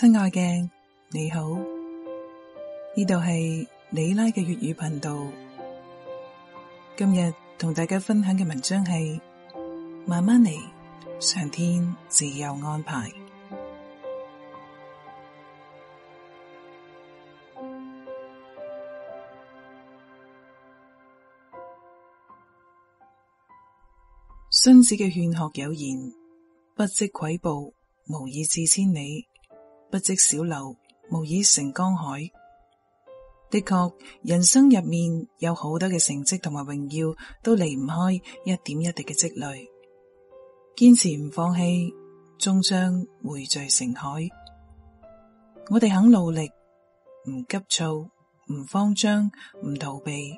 親愛嘅你好，呢度係里拉嘅粵語頻道。今日同大家分享嘅文章係慢慢嚟，上天自有安排。孫子嘅勸學有言：不積跬步，無以至千里。不積小流，無以成江海。的確，人生入面有好多嘅成績同埋榮耀，都離唔開一點一滴嘅積累。堅持唔放棄，終將匯聚成海。我哋肯努力，唔急躁，唔慌張，唔逃避，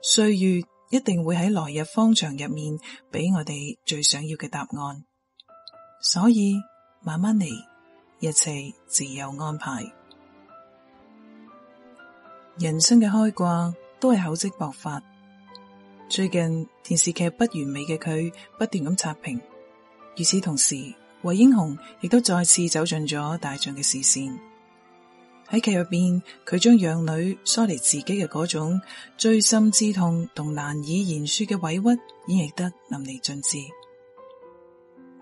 歲月一定會喺來日方長入面俾我哋最想要嘅答案。所以慢慢嚟。一切自有安排。人生嘅開掛都係厚積薄發。最近電視劇不完美嘅佢不斷咁刷屏，與此同時，惠英紅亦都再次走進咗大眾嘅視線。喺劇入邊，佢將養女疏離自己嘅嗰種錐心之痛同難以言說嘅委屈演繹得淋漓盡致。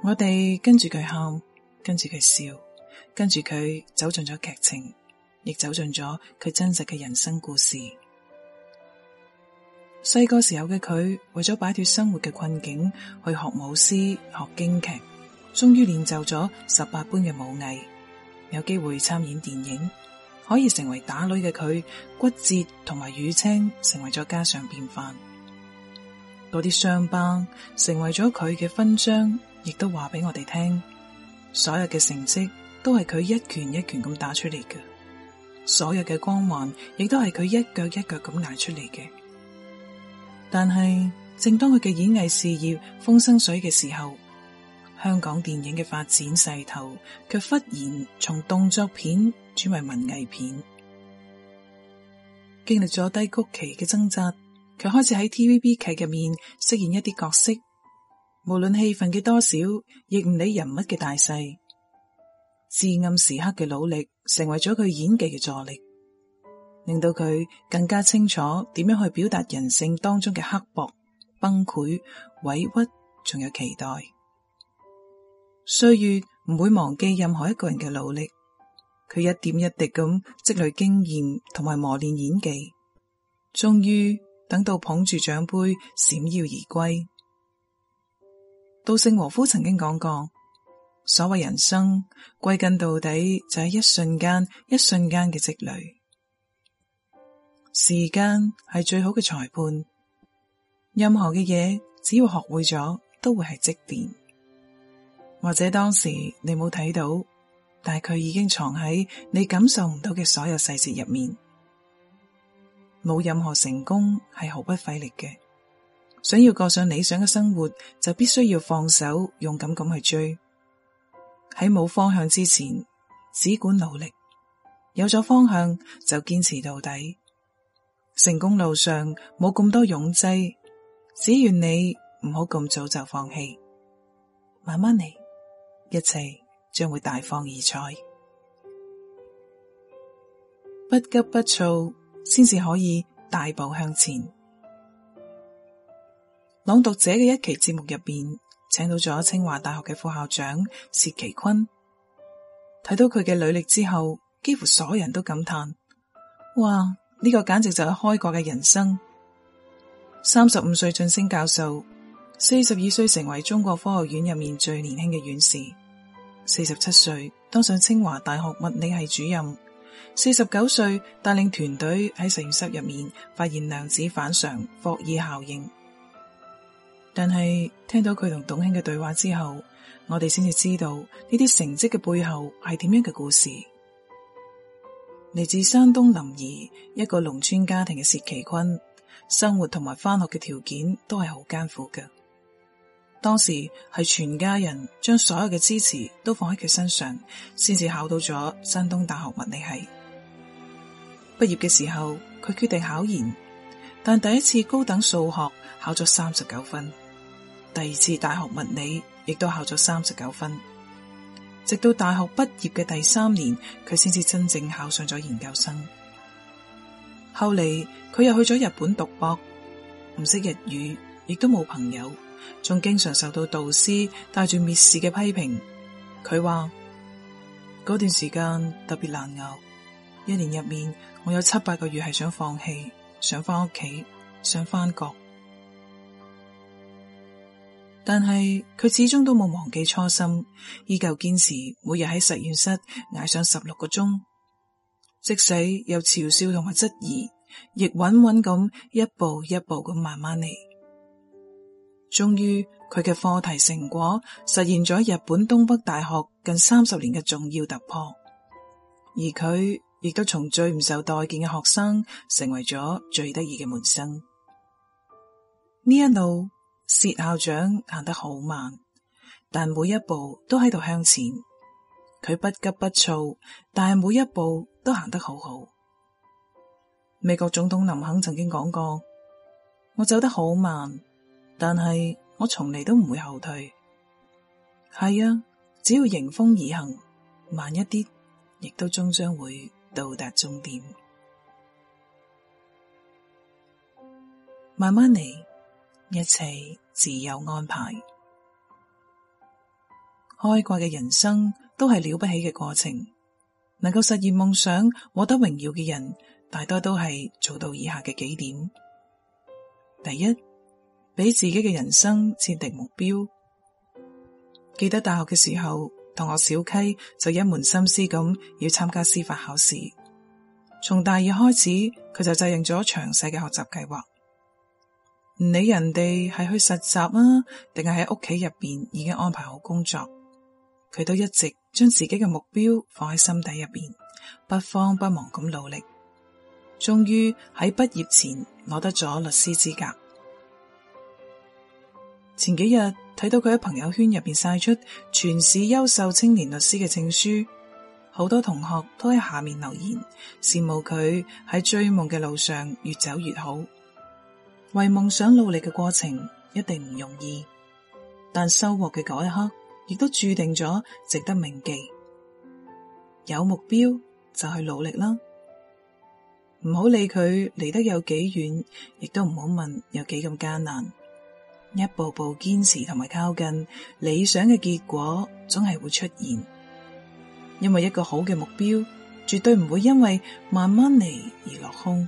我哋跟住佢喊，跟住佢笑。跟住佢走進咗劇情，亦走進咗佢真實嘅人生故事。細個時候嘅佢為咗擺脫生活嘅困境，去學舞獅、學京劇，終於練就咗十八般嘅武藝。有機會參演電影，可以成為打女嘅佢，骨折同埋淤青成為咗家常便飯。嗰啲傷疤成為咗佢嘅勳章，亦都話俾我哋聽所有嘅成績都係佢一拳一拳咁打出嚟嘅，所有嘅光環亦都係佢一腳一腳咁挨出嚟嘅。但係正當佢嘅演藝事業風生水嘅時候，香港電影嘅發展勢頭卻忽然從動作片轉為文藝片，經歷咗低谷期嘅掙扎，佢開始喺 TVB 劇入面飾演一啲角色，無論戲份嘅多少，亦唔理人物嘅大細。至暗時刻嘅努力，成為咗佢演技嘅助力，令到佢更加清楚點樣去表達人性當中嘅刻薄、崩潰、委屈，仲有期待。歲月唔會忘記任何一個人嘅努力，佢一點一滴咁積累經驗同埋磨練演技，終於等到捧住獎杯閃耀而歸。稻盛和夫曾經講過。所謂人生，歸根到底就係一瞬間，一瞬間嘅積累。時間係最好嘅裁判，任何嘅嘢，只要學會咗，都會係積澱。或者當時你冇睇到，但係佢已經藏喺你感受唔到嘅所有細節入面。冇任何成功係毫不費力嘅。想要過上理想嘅生活，就必須要放手，勇敢咁去追。喺冇方向之前，只管努力；有咗方向，就堅持到底。成功路上冇咁多擁擠，只願你唔好咁早就放棄，慢慢嚟，一切將會大放異彩。不急不躁，先至可以大步向前。朗讀者嘅一期節目入邊。請到咗清華大學嘅副校長薛其坤，睇到佢嘅履歷之後，幾乎所有人都感嘆：哇！呢個簡直就係開國嘅人生。三十五歲晉升教授，四十二歲成為中國科學院入面最年輕嘅院士，四十七歲當上清華大學物理係主任，四十九歲帶領團隊喺實驗室入面發現量子反常霍爾效應。但係聽到佢同董卿嘅對話之後，我哋先至知道呢啲成績嘅背後係點樣嘅故事。嚟自山東臨沂一個農村家庭嘅薛其坤，生活同埋返學嘅條件都係好艱苦嘅。當時係全家人將所有嘅支持都放喺佢身上，先至考到咗山東大學物理系。畢業嘅時候，佢決定考研，但第一次高等數學考咗三十九分。第二次大學物理亦都考咗三十九分，直到大學畢業嘅第三年，佢先至真正考上咗研究生。後嚟佢又去咗日本讀博，唔識日語，亦都冇朋友，仲經常受到導師帶住蔑視嘅批評。佢話嗰段時間特別難熬，一年入面我有七八個月係想放棄，想翻屋企，想翻國。但係佢始終都冇忘記初心，依舊堅持每日喺實驗室挨上十六個鐘，即使有嘲笑同埋質疑，亦穩穩咁一步一步咁慢慢嚟。終於，佢嘅課題成果實現咗日本東北大學近三十年嘅重要突破，而佢亦都從最唔受待見嘅學生，成為咗最得意嘅門生。呢一路。薛校長行得好慢，但每一步都喺度向前。佢不急不躁，但係每一步都行得好好。美國總統林肯曾經講過：我走得好慢，但係我從嚟都唔會後退。係啊，只要迎風而行，慢一啲，亦都終將會到達終點。慢慢嚟。一切自有安排。開掛嘅人生都係了不起嘅過程，能夠實現夢想、獲得榮耀嘅人，大多都係做到以下嘅幾點：第一，俾自己嘅人生設定目標。記得大學嘅時候，同學小溪就一門心思咁要參加司法考試，從大二開始，佢就制定咗詳細嘅學習計劃。唔理人哋係去實習啊，定係喺屋企入邊已經安排好工作，佢都一直將自己嘅目標放喺心底入邊，不慌不忙咁努力，終於喺畢業前攞得咗律師資格。前幾日睇到佢喺朋友圈入邊晒出全市優秀青年律師嘅證書，好多同學都喺下面留言羨慕佢喺追夢嘅路上越走越好。為夢想努力嘅過程一定唔容易，但收穫嘅嗰一刻亦都注定咗值得銘記。有目標就去努力啦，唔好理佢離得有幾遠，亦都唔好問有幾咁艱難。一步步堅持同埋靠近理想嘅結果，總係會出現。因為一個好嘅目標，絕對唔會因為慢慢嚟而落空。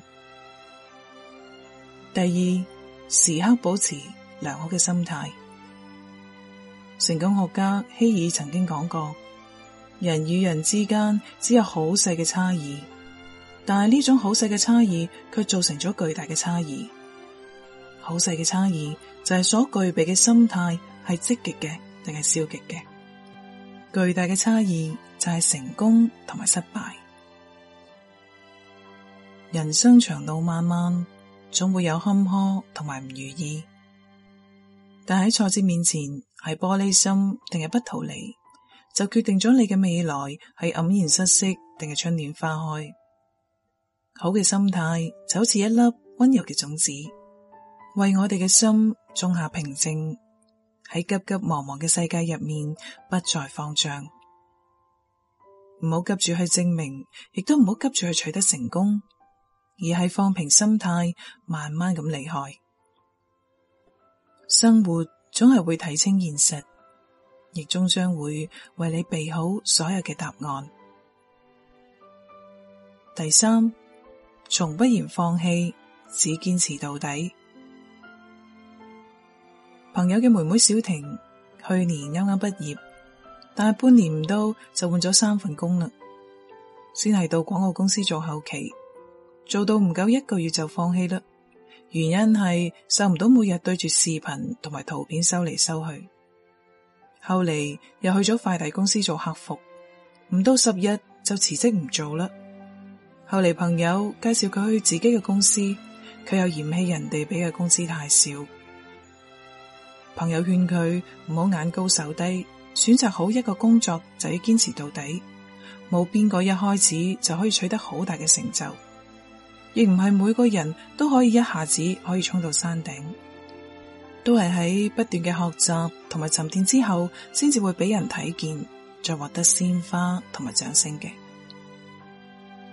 第二，時刻保持良好嘅心態。成功學家希爾曾經講過：人與人之間只有好細嘅差異，但係呢種好細嘅差異，卻造成咗巨大嘅差異。好細嘅差異就係所具備嘅心態係積極嘅定係消極嘅，巨大嘅差異就係成功同埋失敗。人生長路漫漫。總會有坎坷同埋唔如意，但喺挫折面前，係玻璃心定係不逃離，就決定咗你嘅未來係黯然失色定係春暖花開。好嘅心態就好似一粒溫柔嘅種子，為我哋嘅心種下平靜。喺急急忙忙嘅世界入面，不再慌張。唔好急住去證明，亦都唔好急住去取得成功。而係放平心態，慢慢咁離開。生活總係會睇清現實，亦終將會為你備好所有嘅答案。第三，從不言放棄，只堅持到底。朋友嘅妹妹小婷去年啱啱畢業，但係半年唔到就換咗三份工嘞，先係到廣告公司做後期。做到唔夠一個月就放棄啦，原因係受唔到每日對住視頻同埋圖片收嚟收去。後嚟又去咗快遞公司做客服，唔到十日就辭職唔做啦。後嚟朋友介紹佢去自己嘅公司，佢又嫌棄人哋俾嘅工資太少。朋友勸佢唔好眼高手低，選擇好一個工作就要堅持到底，冇邊個一開始就可以取得好大嘅成就。亦唔係每個人都可以一下子可以衝到山頂，都係喺不斷嘅學習同埋沉澱之後，先至會俾人睇見，再獲得鮮花同埋掌聲嘅。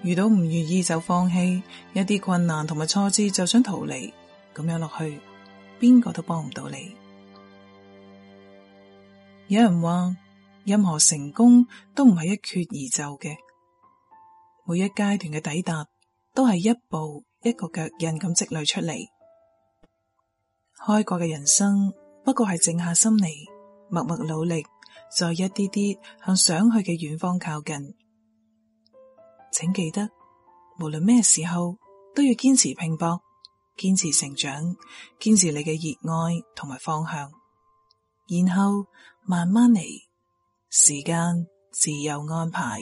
遇到唔願意就放棄，一啲困難同埋挫折就想逃離，咁樣落去，邊個都幫唔到你。有人話，任何成功都唔係一蹴而就嘅，每一階段嘅抵達。都係一步一個腳印咁積累出嚟，開過嘅人生不過係靜下心嚟，默默努力，再一啲啲向想去嘅遠方靠近。請記得，無論咩時候都要堅持拼搏，堅持成長，堅持你嘅熱愛同埋方向，然後慢慢嚟，時間自有安排。